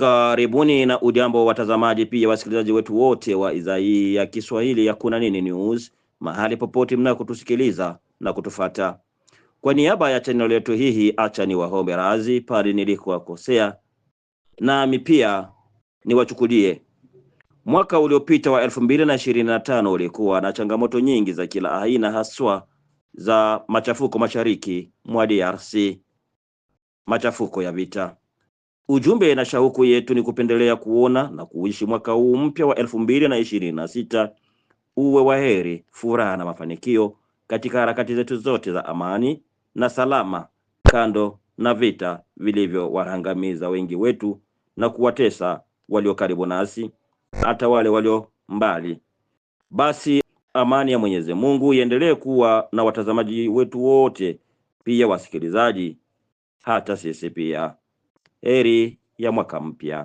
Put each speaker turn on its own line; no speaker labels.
Karibuni na ujambo wa watazamaji pia wasikilizaji wetu wote wa idhaa hii ya Kiswahili ya Kuna Nini News, mahali popote mnakotusikiliza na kutufata. Kwa niaba ya channel yetu hii, acha ni waombe radhi pale nilikowakosea, nami pia niwachukulie. Mwaka uliopita wa 2025 ulikuwa na changamoto nyingi za kila aina, haswa za machafuko mashariki mwa DRC, machafuko ya vita Ujumbe na shauku yetu ni kupendelea kuona na kuishi mwaka huu mpya wa elfu mbili na ishirini na sita uwe wa heri, furaha na mafanikio katika harakati zetu zote za amani na salama, kando na vita vilivyowaangamiza wengi wetu na kuwatesa walio karibu nasi hata wale walio mbali. Basi amani ya Mwenyezi Mungu iendelee kuwa na watazamaji wetu wote, pia wasikilizaji, hata sisi pia. Heri ya mwaka mpya.